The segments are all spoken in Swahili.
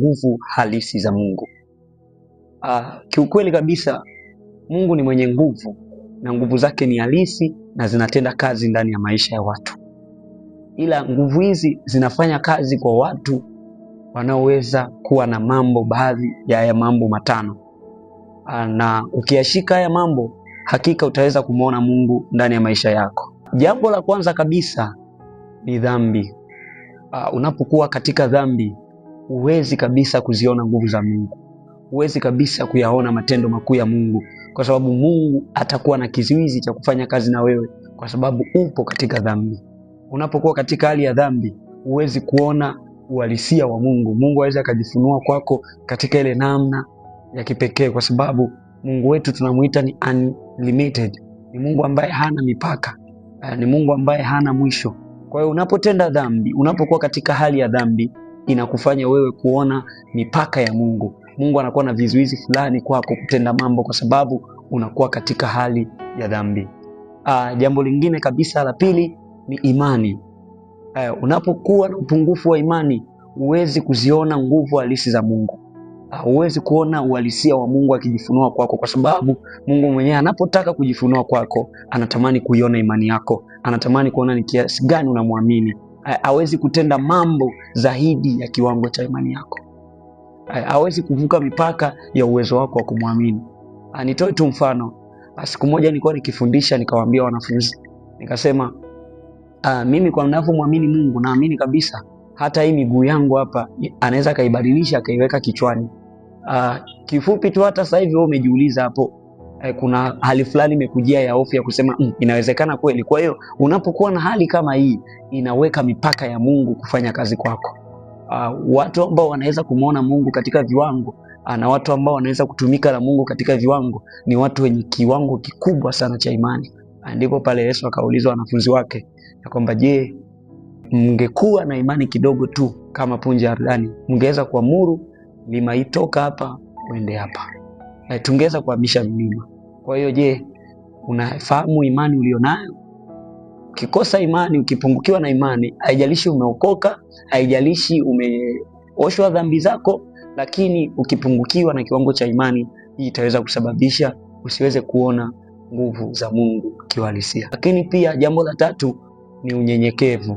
nguvu halisi za Mungu. Ah, kiukweli kabisa Mungu ni mwenye nguvu na nguvu zake ni halisi na zinatenda kazi ndani ya maisha ya watu, ila nguvu hizi zinafanya kazi kwa watu wanaoweza kuwa na mambo, baadhi ya haya mambo matano, ah, na ukiyashika haya mambo, hakika utaweza kumwona Mungu ndani ya maisha yako. Jambo la kwanza kabisa ni dhambi. Uh, unapokuwa katika dhambi huwezi kabisa kuziona nguvu za Mungu, huwezi kabisa kuyaona matendo makuu ya Mungu, kwa sababu Mungu atakuwa na kizuizi cha kufanya kazi na wewe, kwa sababu upo katika dhambi. Unapokuwa katika hali ya dhambi, huwezi kuona uhalisia wa Mungu. Mungu aweza akajifunua kwako katika ile namna ya kipekee, kwa sababu Mungu wetu tunamuita ni unlimited, ni Mungu ambaye hana mipaka, eh, ni Mungu ambaye hana mwisho. Kwa hiyo unapotenda dhambi, unapokuwa katika hali ya dhambi inakufanya wewe kuona mipaka ya Mungu. Mungu anakuwa na vizuizi fulani kwako kutenda mambo, kwa sababu unakuwa katika hali ya dhambi. Uh, jambo lingine kabisa la pili ni imani. Uh, unapokuwa na upungufu wa imani huwezi kuziona nguvu halisi za Mungu, ah, huwezi uh, kuona uhalisia wa Mungu akijifunua kwako, kwa sababu Mungu mwenyewe anapotaka kujifunua kwako anatamani kuiona imani yako, anatamani kuona ni kiasi gani unamwamini hawezi kutenda mambo zaidi ya kiwango cha imani yako, hawezi kuvuka mipaka ya uwezo wako wa kumwamini. Nitoe tu mfano, siku moja nilikuwa nikifundisha, nikawaambia wanafunzi nikasema, a, mimi kwa ninavyomwamini Mungu naamini kabisa hata hii miguu yangu hapa anaweza akaibadilisha akaiweka kichwani. Uh, kifupi tu hata sasa hivi wewe umejiuliza hapo eh, kuna hali fulani imekujia ya hofu ya kusema mm, inawezekana kweli. Kwa hiyo unapokuwa na hali kama hii, inaweka mipaka ya Mungu kufanya kazi kwako. Uh, watu ambao wanaweza kumwona Mungu katika viwango ah, na watu ambao wanaweza kutumika na Mungu katika viwango ni watu wenye kiwango kikubwa sana cha imani. Ah, ndipo pale Yesu akaulizwa wanafunzi wake ya kwamba je, mngekuwa na imani kidogo tu kama punje ya ardani, mngeweza kuamuru lima hapa uende hapa? E, tungeweza kuhamisha mlima. Kwa hiyo je, unafahamu imani ulionayo? Ukikosa imani, ukipungukiwa na imani, haijalishi umeokoka, haijalishi umeoshwa dhambi zako, lakini ukipungukiwa na kiwango cha imani, hii itaweza kusababisha usiweze kuona nguvu za Mungu kiuhalisia. Lakini pia jambo la tatu ni unyenyekevu.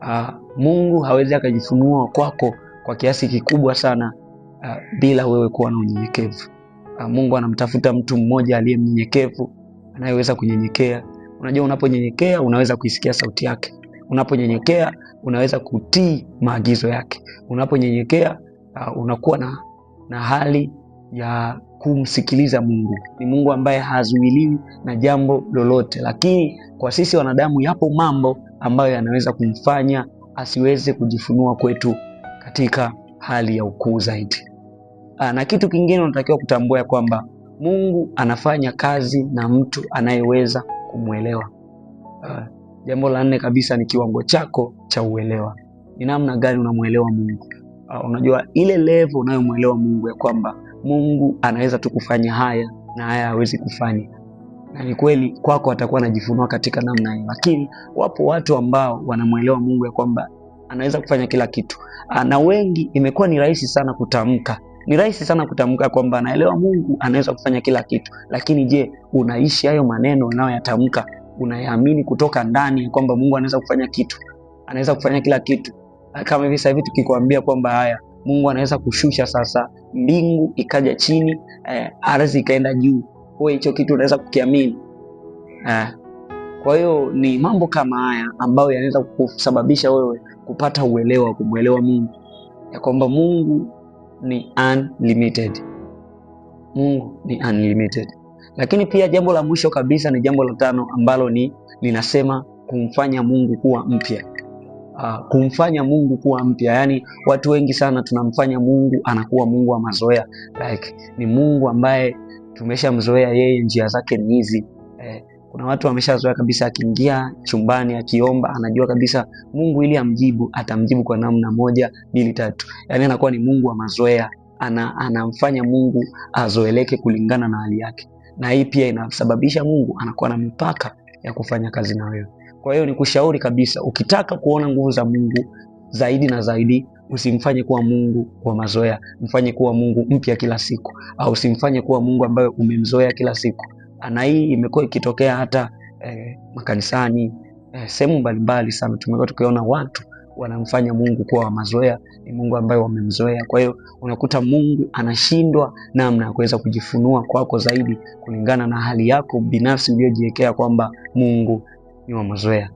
Aa, ah, Mungu hawezi akajifunua kwako kwa kiasi kikubwa sana aa, ah, bila wewe kuwa na unyenyekevu. Ah, Mungu anamtafuta mtu mmoja aliye mnyenyekevu, anayeweza kunyenyekea. Unajua, unaponyenyekea unaweza kuisikia sauti yake. Unaponyenyekea unaweza kutii maagizo yake. Unaponyenyekea uh, unakuwa na, na hali ya kumsikiliza Mungu. Ni Mungu ambaye hazuiliwi na jambo lolote, lakini kwa sisi wanadamu yapo mambo ambayo yanaweza kumfanya asiweze kujifunua kwetu katika hali ya ukuu zaidi. Ah, na kitu kingine unatakiwa kutambua ya kwamba Mungu anafanya kazi na mtu anayeweza kumwelewa. Uh, jambo la nne kabisa ni kiwango chako cha uelewa. Ni namna gani unamwelewa Mungu? Uh, unajua ile level unayomwelewa Mungu ya kwamba Mungu anaweza tu kufanya haya na haya hawezi kufanya, na ni kweli kwako atakuwa anajifunua katika namna hiyo, lakini wapo watu ambao wanamwelewa Mungu ya kwamba anaweza kufanya kila kitu, na wengi imekuwa ni rahisi sana kutamka ni rahisi sana kutamka kwamba anaelewa Mungu anaweza kufanya kila kitu, lakini je, unaishi hayo maneno unayoyatamka? Unayaamini kutoka ndani ya kwamba Mungu anaweza kufanya kitu, anaweza kufanya kila kitu? Kama hivi sasa hivi tukikwambia kwamba haya Mungu anaweza kushusha sasa mbingu ikaja chini, eh, ardhi ikaenda juu, wewe hicho kitu unaweza kukiamini eh? Kwa hiyo ni mambo kama haya ambayo yanaweza kusababisha wewe kupata uelewa wa kumwelewa Mungu ya kwamba Mungu ni unlimited. Mungu ni unlimited. Lakini pia jambo la mwisho kabisa ni jambo la tano ambalo ni linasema kumfanya Mungu kuwa mpya. Uh, kumfanya Mungu kuwa mpya. Yaani watu wengi sana tunamfanya Mungu anakuwa Mungu wa mazoea. Like ni Mungu ambaye tumeshamzoea yeye, njia zake ni hizi. Eh, kuna watu wameshazoea kabisa, akiingia chumbani akiomba, anajua kabisa Mungu ili amjibu atamjibu kwa namna moja mbili tatu, yaani anakuwa ni Mungu wa mazoea, ana anamfanya Mungu azoeleke kulingana na hali yake, na hii pia inasababisha Mungu anakuwa na mipaka ya kufanya kazi na wewe. Kwa hiyo kushauri kabisa, ukitaka kuona nguvu za Mungu zaidi na zaidi, usimfanye kuwa Mungu wa mazoea, mfanye kuwa Mungu mpya kila siku, au usimfanye kuwa Mungu ambaye umemzoea kila siku na hii imekuwa ikitokea hata eh, makanisani eh, sehemu mbalimbali sana tumekuwa tukiona watu wanamfanya Mungu kuwa wa mazoea, ni Mungu ambaye wamemzoea. Kwa hiyo unakuta Mungu anashindwa namna ya kuweza kujifunua kwako zaidi kulingana na hali yako binafsi uliyojiwekea kwamba Mungu ni wa mazoea.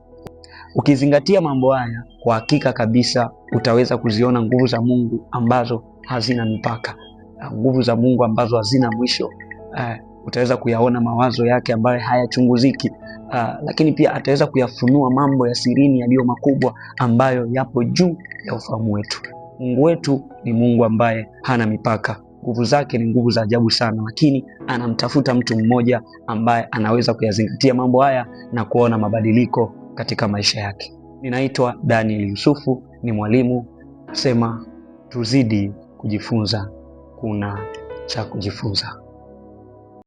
Ukizingatia mambo haya, kwa hakika kabisa utaweza kuziona nguvu za Mungu ambazo hazina mipaka, nguvu za Mungu ambazo hazina mwisho eh, utaweza kuyaona mawazo yake ambayo hayachunguziki. Uh, lakini pia ataweza kuyafunua mambo ya sirini yaliyo makubwa ambayo yapo juu ya ufahamu wetu. Mungu wetu ni Mungu ambaye hana mipaka. Nguvu zake ni nguvu za ajabu sana, lakini anamtafuta mtu mmoja ambaye anaweza kuyazingatia mambo haya na kuona mabadiliko katika maisha yake. Ninaitwa Daniel Yusufu, ni mwalimu. sema tuzidi kujifunza, kuna cha kujifunza.